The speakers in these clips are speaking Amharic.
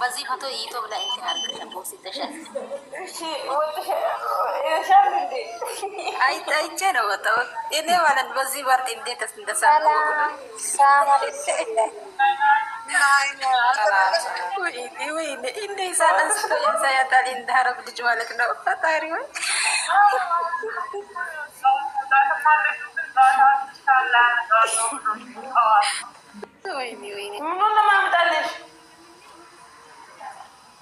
በዚህ ፎቶ ዩቱብ ላይ እንትን ነው ወጣው እኔ ማለት በዚህ ወርቅ እንዴት እንደሳለ እንዳረብ ልጅ ማለት ነው ፈጣሪ ወይኔ ወይኔ ምኑን ለማምጣልሽ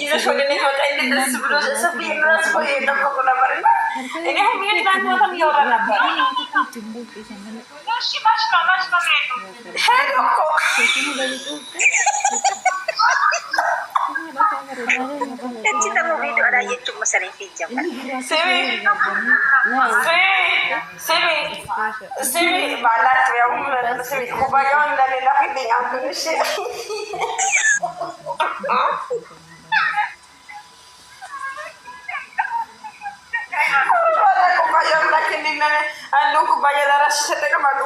ይዘሽ ወደ እኔ ደስ ብሎ ሰፊ ራስ የጠበቁ ነበር እና እኔ እያወራ ነበር እቺ ደግሞ ቤት ወዳየችው መሰለኝ ፊት ጀመር ስሜ ስሜ ባላት ያው ስሜ ኩባያውን እንደሌላ ፊልኝ አሁን አንዱን ኩባያ ለራሱ ተጠቅም፣ አንዱ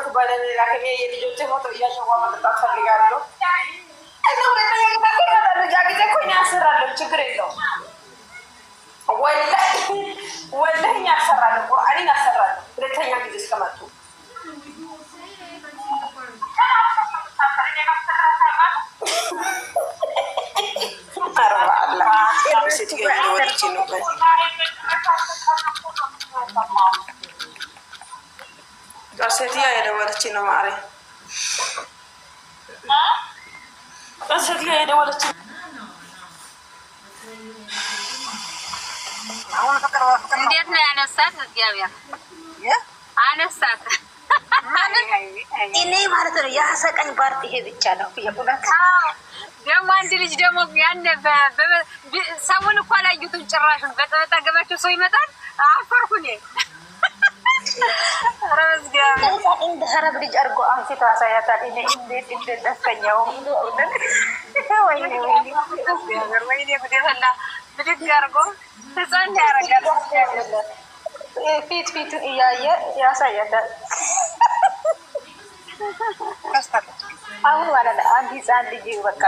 የልጆች ፎቶ እያሸ ፈልጋለሁ። አሰራለሁ፣ ችግር የለውም። ወላሂ አሰራለሁ፣ ሁለተኛ ጊዜ እስከመጡ ወደች ነው በቃ ሴትዮዋ የደወለች ነው ማሬ፣ ሴትዮዋ የደወለች እንዴት ነው ያነሳት? እግዚአብሔር አነሳት። እኔ ማለት ነው የአሰቀኝ ባርት ይሄ ብቻ ነው። ደግሞ አንድ ልጅ ደግሞ ያን ሰውን እኮ አላየሁትም ጭራሹን በጠበጣ ገባቸው ሰው ይመጣል። አፈርኩኔ እንደ አረብ ልጅ አድርጎ አንስቶ አሳያታል። እኔ እንዴት እንዴት ደስተኛው ብድግ አድርጎ ህፃን ያረጋል። ፊት ፊቱ እያየ ያሳያታል። አሁን ማለት አንድ ህፃን ልጅ በቃ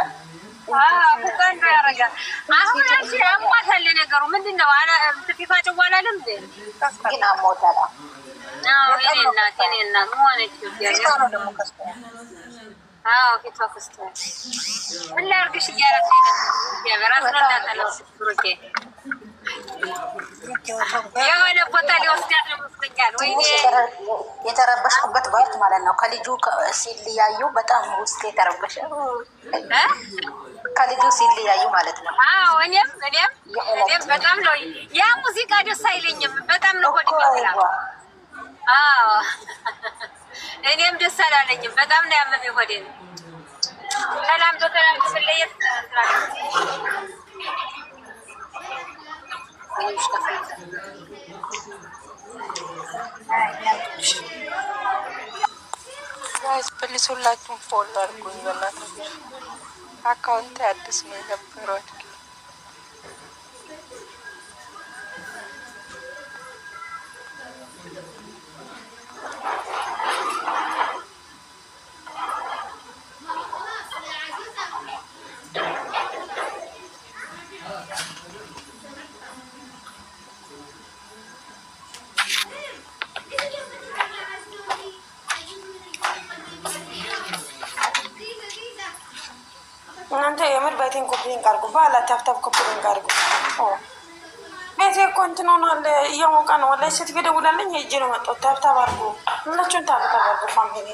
የሆነ ቦታ ሊወስዳት ነው መስለኛል። የተረበሽኩበት ባልት ማለት ነው። ከልጁ ሲለያዩ በጣም ውስጥ የተረበሸ ከልጁ ሲለያዩ ማለት ነው። አዎ እኔም እኔም እኔም በጣም ነው ያ ሙዚቃ ደስ አይለኝም። በጣም ነው ወድ ይላል። አዎ እኔም ደስ አላለኝም። በጣም ነው ያመመ ወድ ሰላም ዶክተር ስለየት ጋይስ ፕሊስ ሁላችሁም ፎሎ አድርጉኝ በእናታችሁ። አካውንት አዲስ ነው የነበረው። ራይቲንግ ኮፒ አድርጉ፣ ባላ ታብታብ ኮፒ ሊንክ አድርጉ። ቤቴ እኮ እንትን ሆኗል፣ እያሞቀ ነው። ወላሂ ሴትዮ ደውላለኝ፣ ሂጅ ነው መጣሁት። ታብታብ አድርጉ፣ ሁላችሁን ታፕታፕ አድርጉ ፋሚሊ።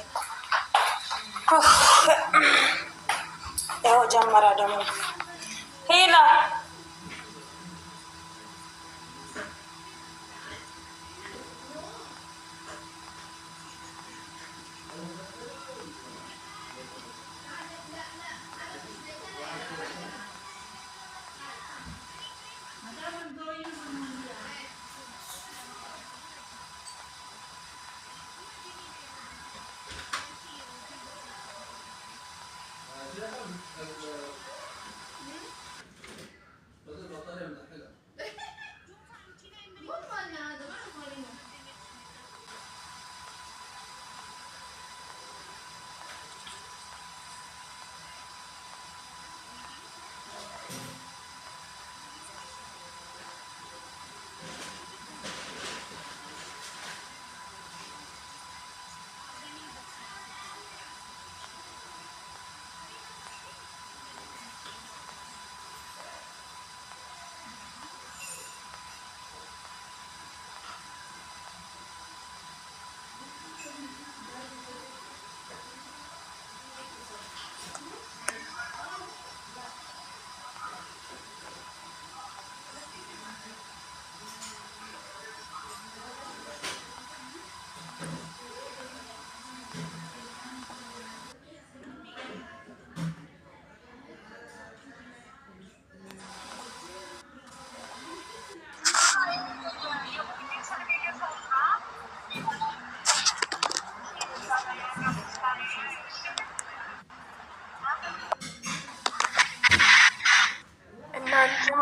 ያው ጀመረ ደግሞ ሄላ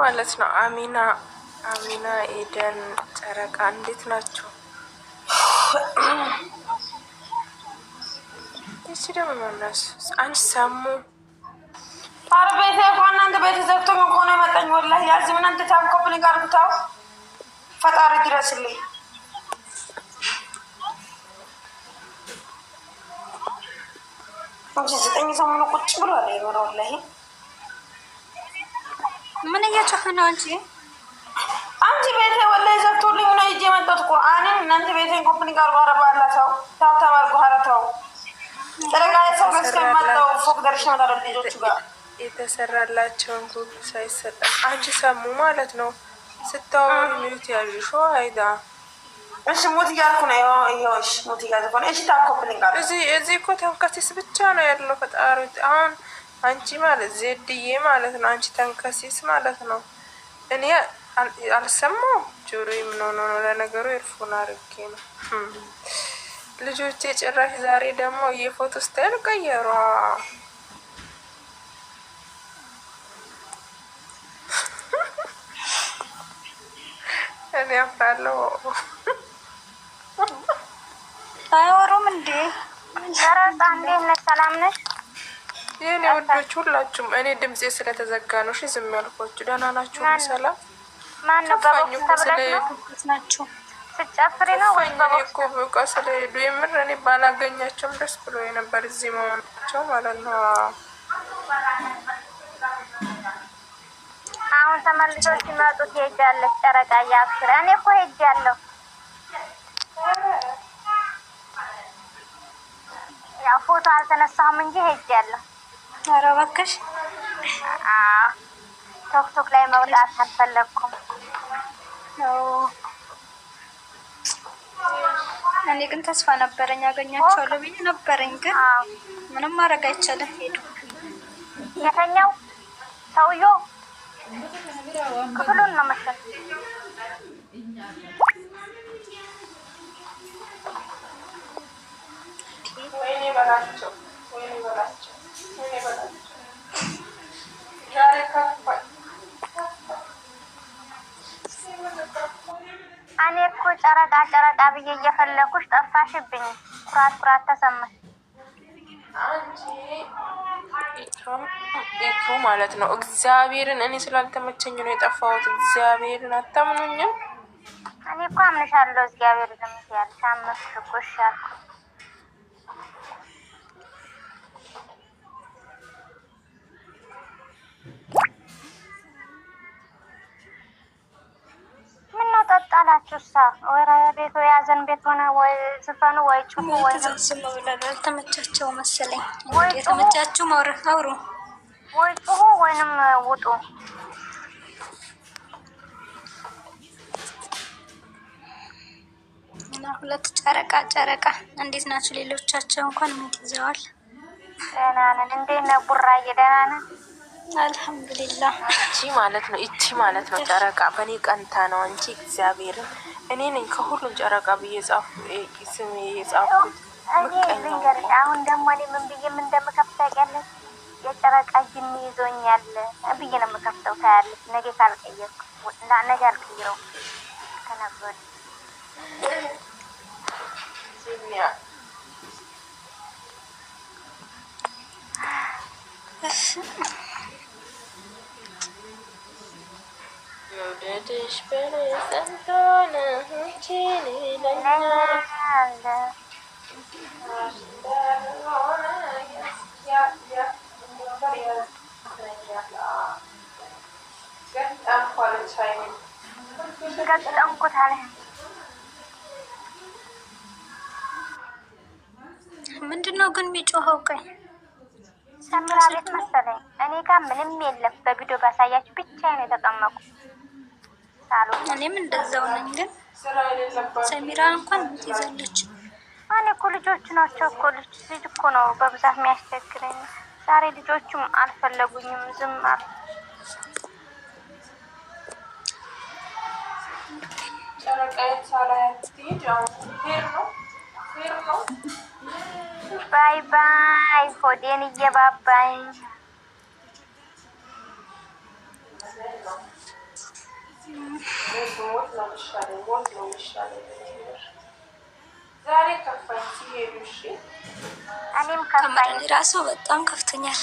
ማለት ነው። አሚና አሚና፣ ኤደን፣ ጨረቃ እንዴት ናቸው? እሺ ደግሞ መምለስ አንቺ ሰሙ አረ ቤቴ እንኳን እናንተ ቤት ምን ከሆነ መጠኝ ወላሂ ያዚ ምን አንተ ታም ኮፕሊ ጋር ብታው ፈጣሪ ድረስልኝ። አንቺ ዘጠኝ ሰሙን ቁጭ ብሏል የምር ወላሂ ምን እየጮህ ነው አንቺ? አንቺ ቤቴ ወላሂ ዘግቶልኝ ነው ሂጅ የመጣሁት ቁርአንን እናንተ ቤቴን ኮምፕኒ ጋር ጓረባላ ሰው ታብታባል ጓረ ሰው ጠረቃለ ሰው መስከመጠው ፎቅ ደርሼ እመጣለሁ ልጆቹ ጋር የተሰራላቸውን ጉብ ሳይሰጠ አንቺ ሰሙ ማለት ነው ስታወሩ ሚዩት ያሉ አይዳ እሺ ሙት እያልኩ ነው። ይኸውሽ ሙት እያልኩ ነው። እሺ ታኮፕልኝ ጋር እዚህ እዚህ እኮ ተንከሲስ ብቻ ነው ያለው ፈጣሪ አሁን አንቺ ማለት ዜድዬ ማለት ነው። አንቺ ተንከሲስ ማለት ነው። እኔ አልሰማው ጆሮ የምንሆነ ነው። ለነገሩ ኤርፎን አርጌ ነው። ልጆቼ ጭራሽ ዛሬ ደግሞ የፎቶ ስታይል ቀየሯ። እኔ አፍራለሁ። አይወሩም እንዴ? ሰላም ነሽ? የእኔ ወዶች ሁላችሁም፣ እኔ ድምፄ ስለተዘጋ ነው ዝም ያልኳችሁ። ደህና ናችሁ? ሰላም ናችሁ? ስጨፍሪ ነው እኮ ስለሄዱ የምር እኔ ባላገኛቸውም ደስ ብሎ የነበር እዚህ መሆናቸው ማለት ነው። አሁን ተመልሶ ሲመጡ ትሄጃለሽ። ጨረቃ እያብሽር እኔ እኮ ሄጃለሁ። ያው ፎቶ አልተነሳሁም እንጂ ሄጃለሁ። ኧረ እባክሽ ቶክቶክ ላይ መውጣት አልፈለኩም። እኔ ግን ተስፋ ነበረኝ አገኛቸዋለሁ ብዬ ነበረኝ፣ ግን ምንም ማድረግ አይቻልም። ሄዱ የተኛው ሰውዬው ክፍሉን ነው መሰለኝ ወይኔ በላቸው ወይኔ በላቸው እኔ እኮ ጨረቃ ጨረቃ ብዬ እየፈለኩሽ ጠፋሽብኝ። ኩራት ኩራት ተሰማሽ ቱ ማለት ነው። እግዚአብሔርን እኔ ስላልተመቸኝ ነው የጠፋሁት። እግዚአብሔርን አታምኑኝም። እኔ እኮ አምንሻለሁ። እግዚአብሔር ዝም ያልሽ አመፍሽ እኮ አጠጣላችሁ እሳ ወይ ቤቱ የያዘን ቤት ሆነ ወይ ዝፈኑ ወይ ጭፉ ወይ ተመቻቸው መሰለኝ። የተመቻችሁ ማውረፍ አውሩ ወይ ጩሁ ወይንም ውጡ። እና ሁለት ጨረቃ ጨረቃ እንዴት ናቸው? ሌሎቻቸው እንኳን ምን ይዘዋል? ደህና ነን። እንዴት ነህ ቡራዬ? ደህና ነህ? አልሐምዱሊላህ እቺ ማለት ነው እቺ ማለት ነው ጨረቃ በእኔ ቀንታ ነው እንጂ እግዚአብሔርን እኔ ነኝ ከሁሉም ጨረቃ ብዬ ስም የጻፍኩት። አሁን ደግሞ እኔ ምን ብዬ ምን እንደምከፍት ታውቂያለሽ? የጨረቃ ጅኒ ይዞኛል ብዬ ነው የምከፍተው። ታያለች ነገ ካልቀየርኩ ነገ አልቀይረው ከነበር እሺ መውደድሽ በላይ ጸንቶ ምንድን ነው ግን የሚጮኸው? ቀይ ሰምራ ቤት መሰለኝ። እኔ ጋር ምንም የለም። በቪዲዮ ባሳያችሁ ብቻ ነው የተቀመጥኩ። አልሆነ። እኔም እንደዛው ነኝ። ግን ሰሚራ እንኳን ምት እኔ እኮ ልጆቹ ናቸው እኮ ልጅ ልጅ እኮ ነው በብዛት የሚያስቸግረኝ። ዛሬ ልጆቹም አልፈለጉኝም፣ ዝም አሉ። ባይ ባይ ሆዴን እየባባኝ ሞት ነው የሚሻለው፣ ሞት ነው የሚሻለው። ዛሬ ከፋኝ ሲሄዱ እሺ፣ እኔም ከፋኝ ራሱ በጣም ከፍቶኛል።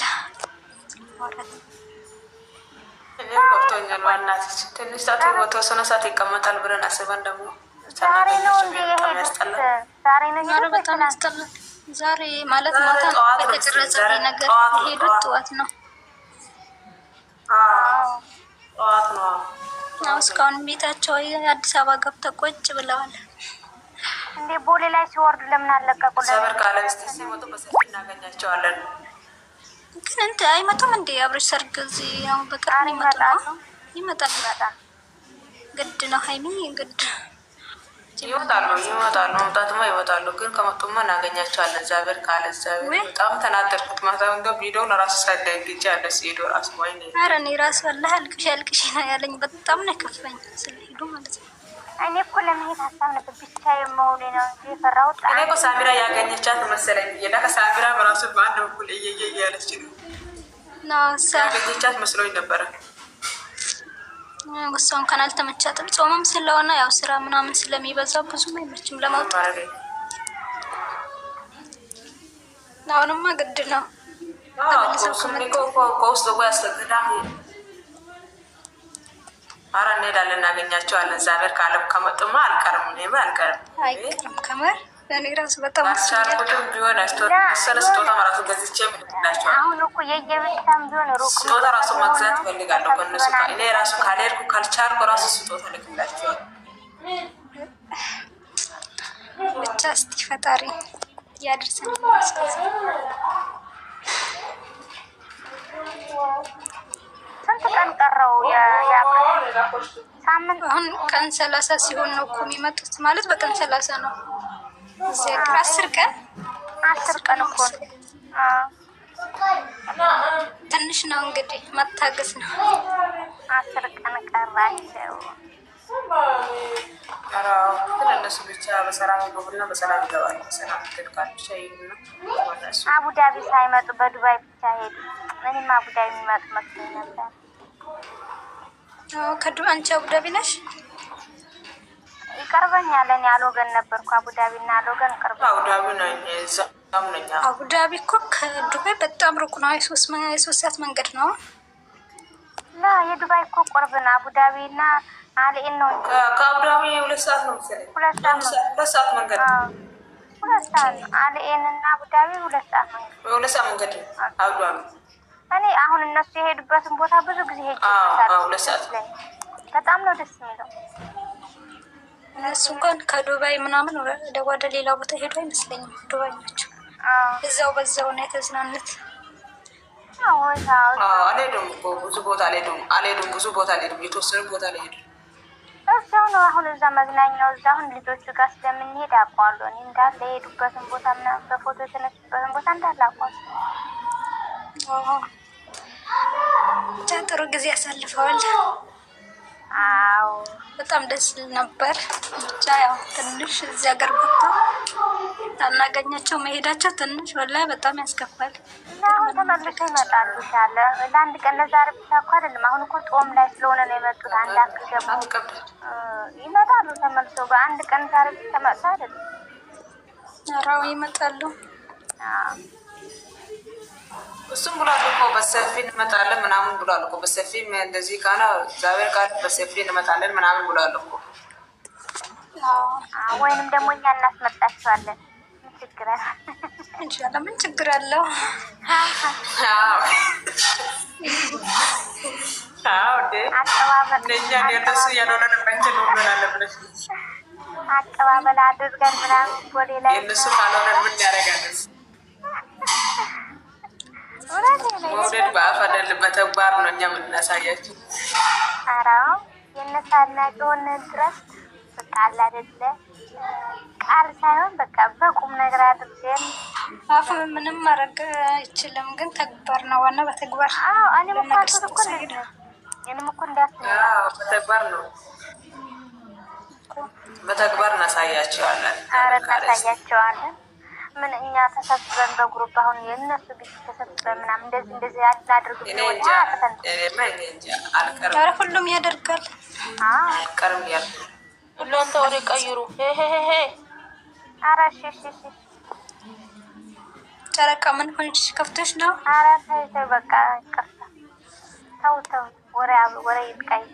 እኔም ይቀመጣል ብለን አስበን ደግሞ ዛሬ ነው በጣም ያስጠላል። ዛሬ ማለት ማታ የተቀረጸ ነገር የሄዱት ጠዋት ነው ጠዋት ነው ያው እስካሁንም ቤታቸው አዲስ አበባ ገብተው ቁጭ ብለዋል። እንዴ ቦሌ ላይ ሲወርዱ ለምን አለቀቁልን? ሰብር ካለ እስቲ ሲወጡ በሰፊ እናገኛቸዋለን። ግን እንደ አይመጡም እንዴ አብረሽ ሰርግ እዚህ አሁን በቅርብ ይመጡ ነው ይመጣል። ግድ ነው ሀይሚ ግድ ይወጣሉ ይወጣሉ፣ መምጣትማ ይወጣሉ። ግን ከመጡማ እናገኛቸዋለን። እግዚአብሔር ካለ እግዚአብሔር በጣም ተናደርኩት። ማታ እንደው ቪዲዮውን ራሱ ሳደግጅ ያለ ሲሄዱ ራሱ ወይ ኧረ እኔ ራሱ አላህ አልቅሽ አልቅሽ ነው ያለኝ። በጣም ነው የከፋኝ ስለሄዱ ማለት ነው። እኔ እኮ ለመሄድ ሀሳብ ነበር ብቻ የመሆኑ ነው የፈራሁት። እኔ እኮ ሳሚራ ያገኘቻት መሰለኝ እና ከሳሚራ በራሱ በአንድ በኩል እየየ እያለች ነው ያገኘቻት መስሎኝ ነበረ። እሷም ከን አልተመቻትም። ጾምም ስለሆነ ያው ስራ ምናምን ስለሚበዛ ብዙም አይመችም ለማውጣት። አሁንማ ግድ ነው ከውስጥ እንሄዳለን፣ እናገኛቸዋለን። እግዚአብሔር ካለም ከመጡማ አልቀርም፣ እኔም አልቀርም፣ አይቀርም ከምር እኔ ራሱ በጣም አሁን እኮ የየብቻም ቢሆን ሩቅ ስጦታ ራሱ መግዛት ፈልጋለሁ ከነሱ እኔ ራሱ ካልሄድኩ ካልቻልኩ ራሱ ስጦታ ልክላቸዋል። ብቻ እስቲ ፈጣሪ ስንት ቀን ቀረው? ሳምንት አሁን ቀን ሰላሳ ሲሆን ነው እኮ የሚመጡት ማለት በቀን ሰላሳ ነው አስር ቀን አስር ቀን እኮ ነው። ትንሽ ነው እንግዲህ መታገስ ነው። አስር ቀን ቀራቸው። እነሱ ብቻ በሰላም ገቡና በሰላም ይገባሉ። በሰላም አቡዳቢ ሳይመጡ በዱባይ ብቻ ሄዱ። ምንም አቡዳቢ የሚመጡ መስሎኝ ነበር። አንቺ አቡዳቢ ነሽ? ይቀርበኛል። እኔ አልወገን ነበርኩ አቡዳቢ እና አልወገን ቅርብ አቡዳቢ ነኝ። አቡዳቢ እኮ ከዱባይ በጣም ሩቅ ነው። የሶስት ሰዓት መንገድ ነው። ላ የዱባይ እኮ ቅርብ ነው። አቡዳቢ እና አልኤን ነው። ከአቡዳቢ ሁለት ሰዓት ነው። ሁለት ሰዓት መንገድ ነው። ሁለት ሰዓት ነው። አልኤን እና አቡዳቢ ሁለት ሰዓት መንገድ ነው። ሁለት ሰዓት መንገድ ነው አቡዳቢ። እኔ አሁን እነሱ የሄዱበትን ቦታ ብዙ ጊዜ ሄጅ ሁለት ሰዓት በጣም ነው ደስ የሚለው እነሱ እንኳን ከዱባይ ምናምን ወደ ሌላ ቦታ ሄዱ አይመስለኝም። ዱባይ ናቸው። እዛው በዛው ነው የተዝናነት። አልሄዱም፣ ብዙ ቦታ አልሄዱም፣ አልሄዱም፣ ብዙ ቦታ አልሄዱም፣ የተወሰኑ ቦታ አልሄዱ። እዛው ነው አሁን፣ እዛ መዝናኛው፣ እዛ አሁን ልጆቹ ጋር ስለምንሄድ አውቀዋለሁ እኔ እንዳለ የሄዱበትን ቦታ ምናምን በፎቶ የተነሱበትን ቦታ እንዳለ አውቀዋለሁ። ጥሩ ጊዜ አሳልፈዋል። አዎ በጣም ደስ ይል ነበር። ብቻ ያው ትንሽ እዚህ ሀገር ቦታ ታናገኛቸው መሄዳቸው ትንሽ ወላሂ በጣም ያስከፋል። ተመልሶ ይመጣሉ ይሻለ ለአንድ ቀን ለዛሬ ብቻ እኮ አይደለም። አሁን እኮ ጦም ላይ ስለሆነ ነው የመጡት። አንድ አክል ገቡ ይመጣሉ ተመልሶ በአንድ ቀን ዛሬ ብቻ መጥቶ አይደለም። ኧረ ይመጣሉ። እሱም ብሏል እኮ በሰፊ እንመጣለን ምናምን ብሏል እኮ በሰፊ እንደዚህ ከሆነ እግዚአብሔር ጋር በሰፊ እንመጣለን ምናምን ብሏል እኮ። ወይንም ደግሞ እኛ እናስመጣቸዋለን ምን ችግር አለ? ምን ችግር አለው? አቀባበል አድርገን ምናምን ጎዴ ላይ የእነሱ ካልሆነ ምን ያደርጋለን? መውደድ በአፍ አይደለም በተግባር ነው እኛ የምናሳያችሁ። ኧረ የነሳናቀውን ድረስ በቃ አለ አይደለ ቃል ሳይሆን በቃ በቁም ነገር አድርገን አፍ ምንም ማድረግ አይችልም፣ ግን ተግባር ነው ዋና በተግባር እኔም እኮ በተግባር ነው በተግባር እናሳያቸዋለን እናሳያቸዋለን ምን እኛ ተሰብስበን በግሩፕ አሁን የእነሱ ቤት ተሰብስበን ምናም እንደዚህ እንደዚህ አድርግ ኧረ ሁሉም ያደርጋል። ሁሉም ተወሬ ቀይሩ። ኧረ ጨረቃ ምን ሆንሽ? ከፍቶች ነው? ኧረ በቃ ይቅርታ። ተው ተው፣ ወሬ ወሬ ይብቃኝ።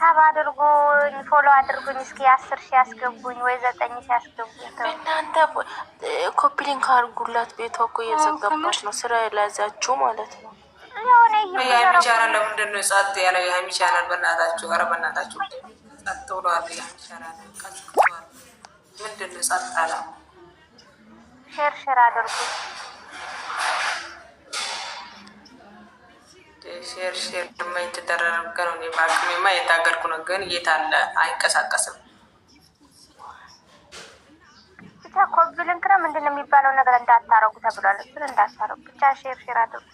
ሀሳብ አድርጉኝ፣ ፎሎ አድርጉኝ። እስኪ አስር ሺ ያስገቡኝ ወይ ዘጠኝ ሺ ያስገቡኝ። እናንተ ኮፒሊንክ አድርጉላት። ቤቷ እኮ እየዘገባች ነው፣ ስራ የላዛችሁ ማለት ነው። የሀይሚ ቻናል ለምንድን ነው ጸጥ ያለው? የሀይሚ ቻናል በእናታችሁ፣ ኧረ በእናታችሁ ጸጥ ብለዋል። የሀይሚ ቻናል ምንድን ነው ጸጥ አለ? ሼር ሼር አድርጉኝ ሼር ሼር ድማ የተደረገ ነው። እኔ በአቅሜማ የታገድኩ ነው፣ ግን የት አለ አይንቀሳቀስም። ብቻ ኮብልንክ ነው ምንድን ነው የሚባለው ነገር እንዳታረጉ ተብሏል። እሱን እንዳታረጉ ብቻ ሼር ሼር አድርጉ።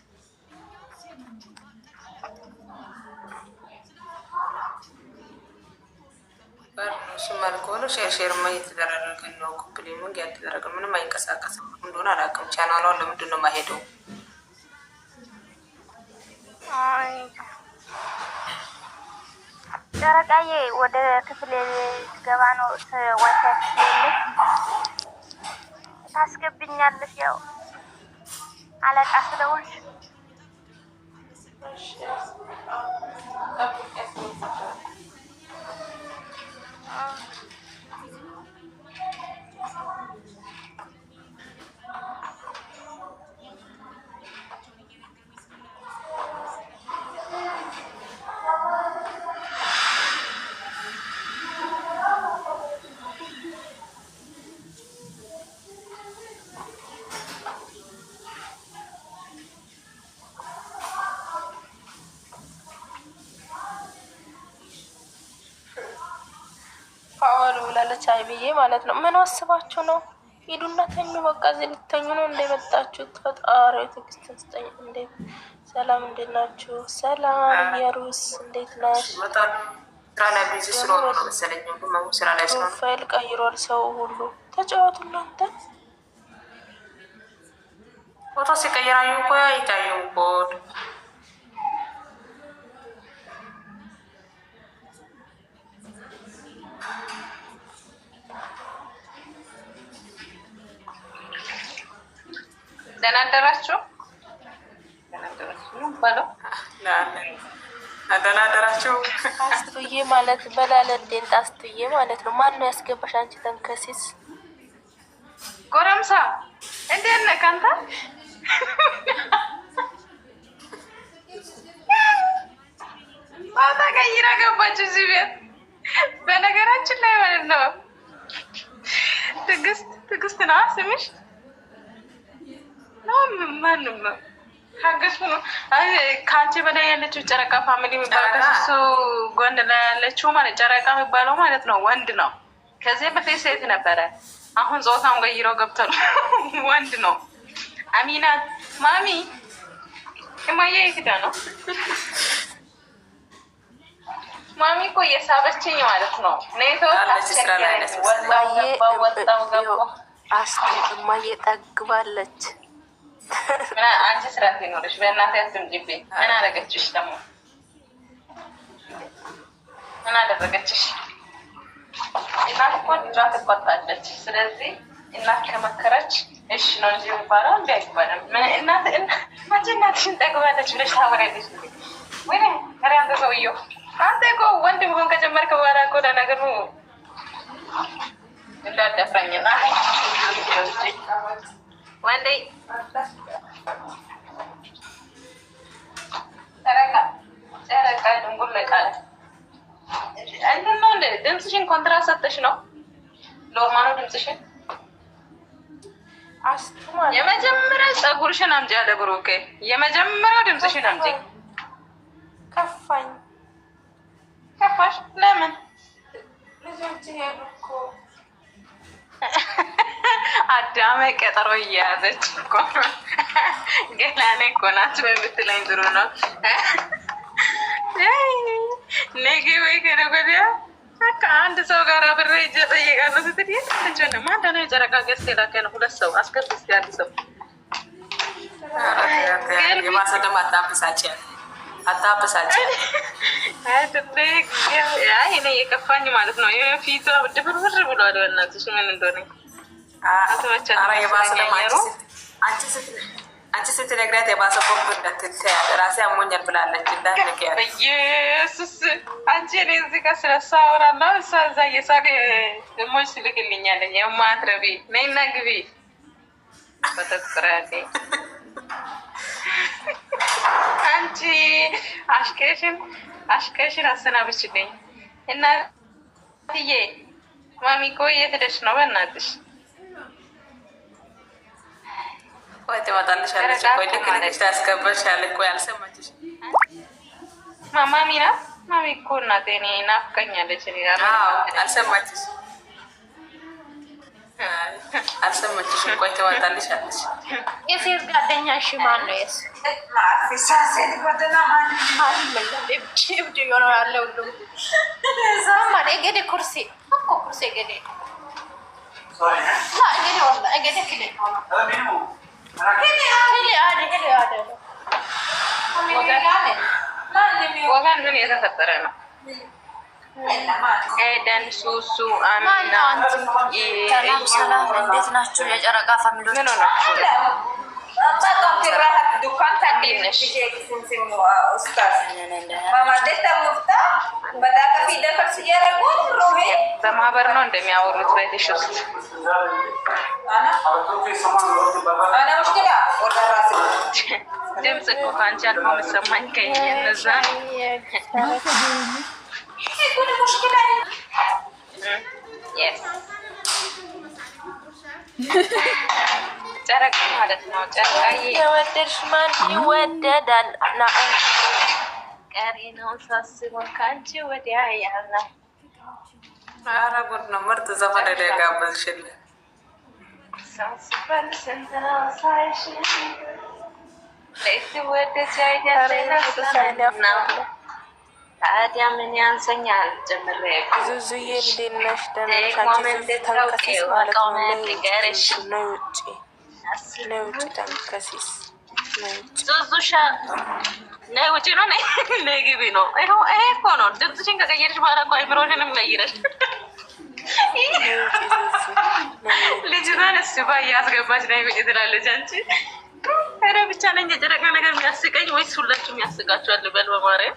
ሽማል ከሆነ ሼር ሼር ማ እየተደረገ ነው። ኮፕሊሙን ያልተደረገ ምንም አይንቀሳቀስም እንደሆነ አላውቅም። ቻናሏን ለምንድን ነው የማሄደው? ጨረቃዬ ወደ ክፍል ትገባ ነው። ዋይፋይ ክፍል ታስገብኛለሽ? ያው አለቃ ስለሆንሽ ብላለች ሀይሚዬ ማለት ነው። ምን አስባችሁ ነው? ሂዱና ተኙ፣ በቃ እዚህ ልተኙ ነው እንደመጣችሁ። ፈጣሪ ትዕግስት ስጠኝ። እንዴት ሰላም፣ እንዴት ናችሁ? ሰላም የሩስ እንዴት ናሽ? ፕሮፋይል ቀይሯል ሰው ሁሉ። ተጫወቱ እናንተ ፎቶ ሲቀይራዩ እኮ ይታዩ ደህና አደራችሁ። ደህና አደራችሁ። አስቱዬ ማለት በላለዴን አስቱዬ ማለት ነው። ማን ነው ያስገባሽ? አንቺ ተንከሲስ ጎረምሳ እንዴት ነህ ካንተ ማታ ቀይራ ገባች እዚህ ቤት። በነገራችን ላይ ማለት ነው ትዕግስት ትዕግስት ነዋ ስምሽ ማንም ታገሱ ነው። ከአንቺ በላይ ያለችው ጨረቃ ፋሚሊ የሚባለው ከሱ ጎን ላይ ያለችው ማለት ጨረቃ የሚባለው ማለት ነው ወንድ ነው። ከዚህ በፊት ሴት ነበረ። አሁን ጾታም ገይሮ ገብቶ ነው ወንድ ነው። አሚናት ማሚ እማዬ የክዳ ነው ማሚ እኮ እየሳበችኝ ማለት ነው። ኔቶ ወጣው እማዬ ጠግባለች አንቺ ስራ ይኖርሽ በእናት አትምጪብኝ። ምን አደረገችሽ ደግሞ? ምን አደረገችሽ? እናት እኮ ልጇ ትቆጣለች። ስለዚህ እናት ከመከረች እሽ ነው እንጂ የሚባለው እንዲ አይባልም። እናት መቼ እናትሽን ጠግባለች ብለሽ ታወሪያለሽ? ወይ ሪ አንተ ሰውዬው አንተ እኮ ወንድ መሆን ከጀመርክ በኋላ እኮ ለነገሩ እንዳደፍረኝ one day. ጨረቃ ድንጉርለቃ እንትን ነው። ድምፅሽን ኮንትራት ሰጥተሽ ነው ሎማ ነው ድምፅሽን የመጀመሪያ ፀጉርሽን አምጪ አለ ብሩኬ። የመጀመሪያው ድምፅሽን አምጪ። ከፋኝ ከፋሽ ለምን ልጆች ሄዱ እኮ አዳሜ ቀጠሮ እየያዘች እኮ ገና እኔ እኮ ናት በምትለኝ ድሮ ነው። ነገ ወይ ከነገ ወዲያ አንድ ሰው ጋር ብሬ እጀ ጠየቃለሁ ስትል የለችም። ማንተ ነው የጨረቃ ገስ የላከ ነው ሁለት ሰው አስገብ ስ አንድ ሰው ግን ማሰደም አታበሳጭ። እኔ የከፋኝ ማለት ነው የፊቷ ድብርብር ብሏል። በእናትሽ ምን እንደሆነ አንቺ ስትነግሪያት የባሰ ቦምብ እንዳትተያት ራሴ አሞኛል ብላለች እንዳትነግሪያት። አንቺ እኔ እዚህ ጋር ስለሷ አወራለሁ እሷ እዛ እየሳቅ ድሞች ትልክልኛለች። የማትረቢ ነይና ግቢ በተቁጥራያለኝ አንቺ አሽከሽን አሽከሽን አሰናብችልኝ እናትዬ። ማሚኮ እየተደሽ ነው በእናትሽ ወይ ትመጣለሽ ማሚ እናቴ ናፍቀኛለች። አልሰማችሽ አልሰማችሽም? ቆይ ትወጣለች አለች። የሴት ጓደኛሽ ማን ነው? የሱ ወገን ምን የተፈጠረ ነው? ኤደን ሱሱ አሚና ሰላም ሰላም፣ እንዴት ናችሁ የጨረቃ ፋሚሊዎች? በማህበር ነው እንደሚያወሩት ቤትሽ ውስጥ ድምፅ እኮ ከአንቺ አልፎ የምትሰማኝ ጨረቃ ማለት ነው። ጨረቃዬ ማን ይወደዳል? ና ቀሪ ነው ሳስቦ ከአንቺ ወዲያ ያለ ኧረ ጉድ ነው። ምርጥ ዘፈን ላይ ጋበዝሽል። ሳስበን ስንት ነው ሳይሽ ታዲያ ምን ያንሰኛል? ጀምሬ ዙዙዬ እንዴት ነሽ? ደህና ነሽ? አንቺ ተንከሲስ ማለት ነው። ነይ ውጪ፣ ነይ ውጪ፣ ተንከሲስ ዙዙሻ፣ ነይ ውጪ ነው ነይ ግቢ ነው። ይሄ እኮ ነው። ድምፅሽን ከቀየርሽ በኋላ እኮ አይምሮሽንም ቀይረሽ ልጅቷን እሱ እያስገባች ነይ ውጪ ትላለች አንቺ ኧረ ብቻ ነኝ የጨረቃ ነገር የሚያስቀኝ ወይስ ሁላችሁም ያስቃችኋል? በል በማርያም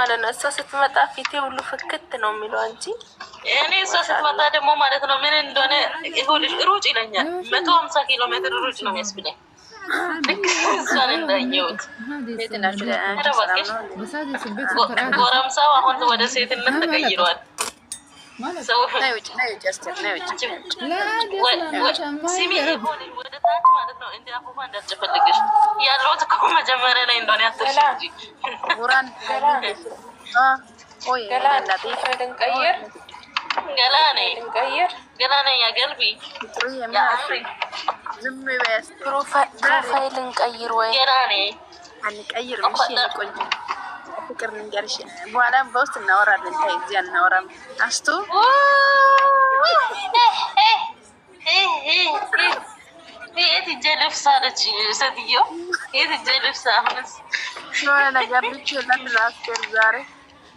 ማለት ነው። እሷ ስትመጣ ፊቴ ሁሉ ፍክት ነው የሚለው። አንቺ እኔ እሷ ስትመጣ ደግሞ ማለት ነው ምን እንደሆነ ይኸውልሽ፣ ሩጭ ይለኛል። መቶ ሀምሳ ኪሎ ሜትር ሩጭ ነው የሚያስብለኝ። ልክ እሷን እንዳየሁት ጎረምሳው አሁን ወደ ሴትነት ተቀይሯል። ፕሮፋይል እንቀይር ወይ? ገና ነኝ። አንቀይርም። እሺ ቆንጆ ፍቅር እንዲያልሽ በኋላ በውስጥ እናወራለን። ታይ እዚህ አናወራም። አስቱ የት እጄ ልብሳ አለች ሴትዮ፣ የት እጄ ልብሳ ሆነ ነገር ብቻ ብችላት ዛሬ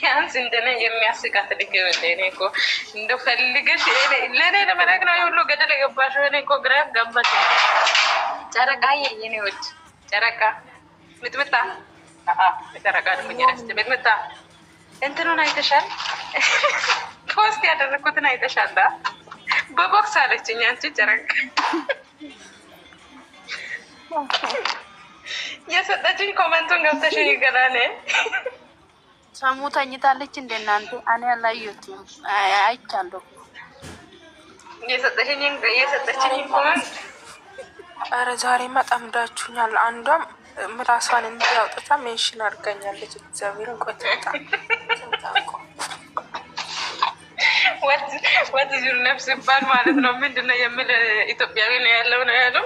ቢያንስ እንደኔ የሚያስቃት ልክ እኔ እኮ እንደው ፈልገሽ ለእኔ ለመናግራ ሁሉ ገደል ገባሽ። እኔ እኮ ግራ ገባሽ። ጨረቃ የኔዎች ጨረቃ ምጥምጣ ጨረቃ ደግሞ ምጥምጣ እንትኑን አይተሻል? ፖስት ያደረግኩትን አይተሻል? በቦክስ አለችኝ አንቺ ጨረቃ የሰጠችኝ ኮመንቱን ገብተሽ ይገራል። ሰሙ ተኝታለች። እንደናንተ እኔ አላየሁትም፣ አይቻለሁ። የሰጠችኝ የሰጠችኝ ኮመንት ኧረ ዛሬ ጠምዳችሁኛል። አንዷም ምላሷን እንዲያውጥታ ሜንሽን አድርጋኛለች። እግዚአብሔርን ቆይ ትምጣ ወት ዙር ነፍስ ይባል ማለት ነው። ምንድነው የምል ኢትዮጵያዊ ነው ያለው ነው ያለው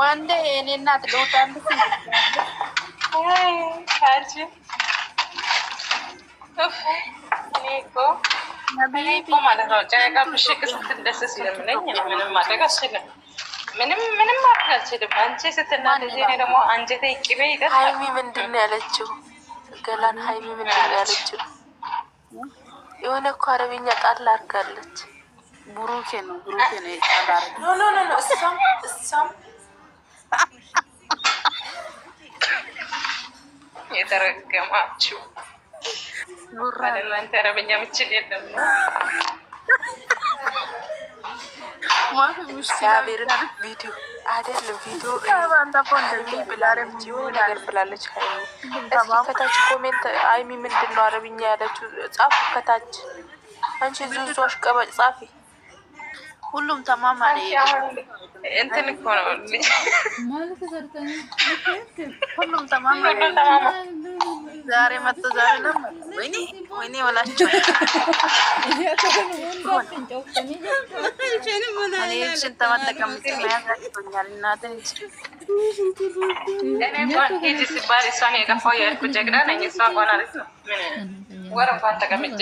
ወንዴ የእኔ እናት ገውታለች። ምንም ምንም አልችልም። አንቺ ስትናደጂ እኔ ደግሞ አንጀቴ ቅቤ ይገርም። ሀይሚ ምንድን ነው ያለችው? ገላን ሀይሚ ምንድን ነው ያለችው? የሆነ እኮ አረብኛ ጣል አድርጋለች። ብሩኬ ነው ብሩኬ ነው የጣል አድርጋ የተረገማችሁ እናንተ አረበኛ ምችል የለም ብላለች። ከታች ኮሜንት አይሚ ምንድን ነው አረብኛ ያለችው? ጻፉ ከታች አንቺ ዙዙ አሽቀባጭ ጻፊ ሁሉም ተማማሪ እንትን እኮ ነው ሁሉም ተማማሪ ዛሬ መጥቶ ዛሬ ነው። ወይኔ ወይኔ ወላቸው ሽንት መጠቀም ያዛቶኛል። እናት ሂጂ ሲባል እሷን የገፋው የእርኩ ጀግና ነኝ። እሷ ቆናሪት ነው። ወር እንኳን ተቀምጬ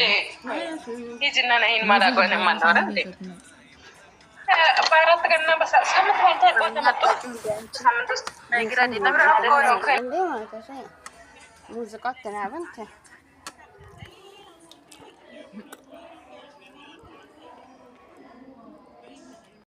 ሂጂና ነይን ማዳጎን የማታወራ እንዴ በአራት ቀን እና